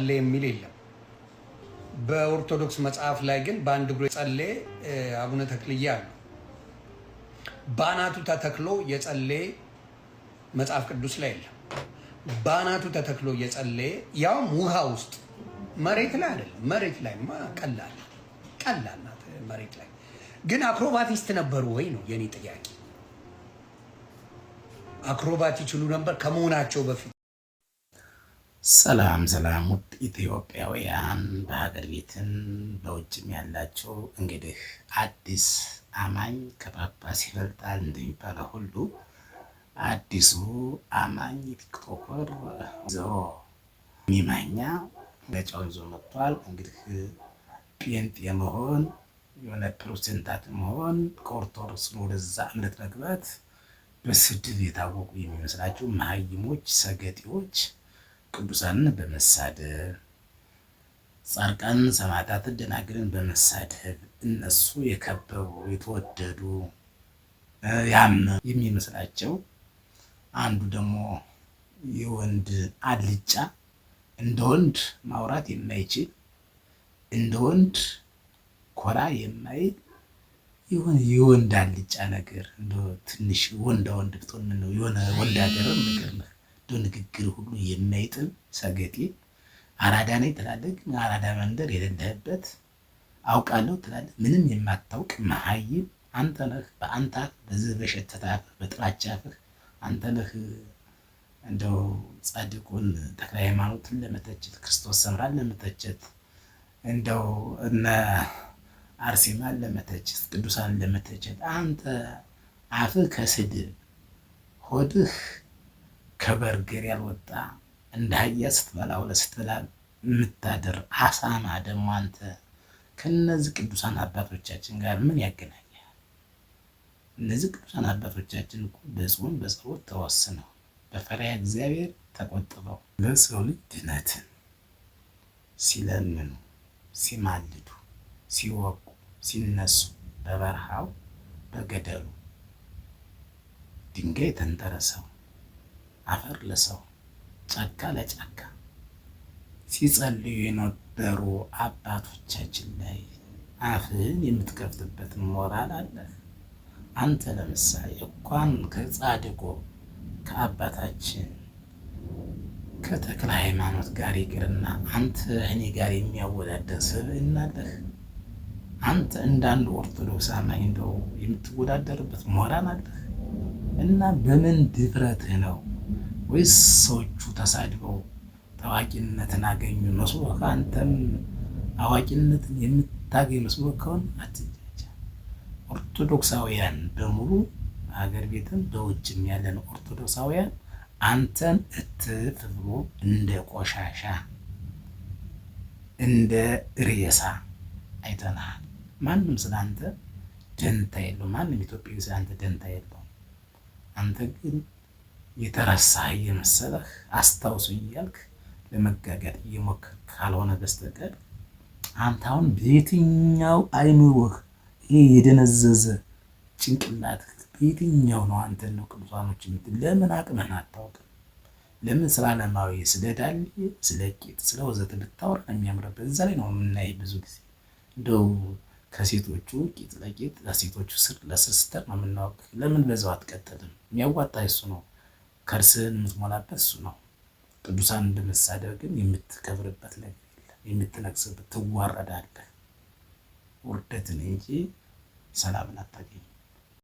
ጸለየ የሚል የለም። በኦርቶዶክስ መጽሐፍ ላይ ግን በአንድ እግሩ የጸለየ አቡነ ተክልዬ አሉ። በአናቱ ተተክሎ የጸለየ መጽሐፍ ቅዱስ ላይ የለም። በአናቱ ተተክሎ የጸለየ ያውም ውሃ ውስጥ መሬት ላይ አይደለም። መሬት ላይ ቀላል ቀላል ናት። መሬት ላይ ግን አክሮባቲስት ነበሩ ወይ ነው የኔ ጥያቄ። አክሮባት ይችሉ ነበር ከመሆናቸው በፊት ሰላም ሰላም ውድ ኢትዮጵያውያን በሀገር ቤትም በውጭም ያላችሁ፣ እንግዲህ አዲስ አማኝ ከጳጳስ ይበልጣል እንደሚባለው ሁሉ አዲሱ አማኝ ቲክቶከር ዘሮ ሚማኛ መጫው ይዞ መጥቷል። እንግዲህ ጴንጤ መሆን የሆነ ፕሮቴስታንት መሆን ከኦርቶዶክስ ወደዛ እምነት መግባት በስድብ የታወቁ የሚመስላችሁ መሀይሞች፣ ሰገጤዎች ቅዱሳንን በመሳደብ ጻድቃንን፣ ሰማዕታትን፣ ደናግልን በመሳደብ እነሱ የከበሩ የተወደዱ ያም የሚመስላቸው አንዱ ደግሞ የወንድ አልጫ እንደ ወንድ ማውራት የማይችል እንደ ወንድ ኮራ የማይል የወንድ አልጫ ነገር ትንሽ ወንዳ ወንድ ብትሆን ነው የሆነ ወንድ ሀገር ነገር ንግግር ሁሉ የማይጥል ሰገጤ አራዳ ነኝ ትላለህ፣ ግን አራዳ መንደር የሌለህበት አውቃለሁ ትላለህ። ምንም የማታውቅ መሀይም አንተ ነህ። በአንተ አፍ በዚህ በሸተተ አፍህ በጥላቻ አፍህ አንተ ነህ እንደው ጻድቁን ተክለ ሃይማኖትን ለመተቸት ክርስቶስ ሰምራን ለመተቸት እንደው እነ አርሴማን ለመተቸት ቅዱሳን ለመተቸት አንተ አፍህ ከስድብ ሆድህ ከበርገር ያልወጣ እንደ አህያ ስትበላ ውለ ስትበላ የምታድር አሳማ ደግሞ አንተ ከነዚህ ቅዱሳን አባቶቻችን ጋር ምን ያገናኛል? እነዚህ ቅዱሳን አባቶቻችን እኮ በጾም በጸሎት ተወስነው በፈሪሃ እግዚአብሔር ተቆጥበው ለሰው ልጅ ድነትን ሲለምኑ ሲማልዱ ሲወቁ ሲነሱ በበረሃው በገደሉ ድንጋይ ተንጠረሰው አፈር ለሰው ጫካ ለጫካ ሲጸልዩ የነበሩ አባቶቻችን ላይ አፍህን የምትከፍትበት ሞራል አለ። አንተ ለምሳሌ እንኳን ከጻድቆ ከአባታችን ከተክለ ሃይማኖት ጋር ይቅርና አንተ እኔ ጋር የሚያወዳደር ስብዕና አለህ። አንተ እንዳንድ ኦርቶዶክስ አማኝ እንደው የምትወዳደርበት ሞራል አለህ እና በምን ድፍረትህ ነው ወይስ ሰዎቹ ተሳድበው ታዋቂነትን አገኙ መስሎ አንተም አዋቂነትን የምታገኝ መስሎ ከሆነ አትጃጃ። ኦርቶዶክሳውያን በሙሉ ሀገር ቤትም በውጭም ያለን ኦርቶዶክሳውያን አንተን እትፍ ብሎ እንደ ቆሻሻ እንደ ሬሳ አይተናል። ማንም ስለ አንተ ደንታ የለው። ማንም ኢትዮጵያዊ ስለ አንተ ደንታ የለው። አንተ ግን የተረሳ እየመሰለህ አስታውሱ እያልክ ለመጋጋጥ እየሞከር ካልሆነ በስተቀር አንተ አሁን በየትኛው አይምሮህ ይህ የደነዘዘ ጭንቅላትህ በየትኛው ነው? አንተ ነው ቅዱሳኖች የምትል ለምን አቅምህን አታውቅም? ለምን ስለ ዓለማዊ ስለ ዳሌ ስለ ቄጥ ስለ ወዘተ ብታወራ የሚያምርበት እዛ ላይ ነው የምናይ ብዙ ጊዜ እንደው ከሴቶቹ ቂጥ ለቂጥ ለሴቶቹ ስር ለስር ስተር ነው የምናወቅ። ለምን በዛው አትቀጥልም? የሚያዋጣ እሱ ነው። ከርስህን የምትሞላበት እሱ ነው። ቅዱሳን እንደመሳደብ ግን የምትከብርበት ነገር የለም፣ የምትነግስበት ትዋረዳለህ። ውርደትን እንጂ ሰላምን አታገኝም።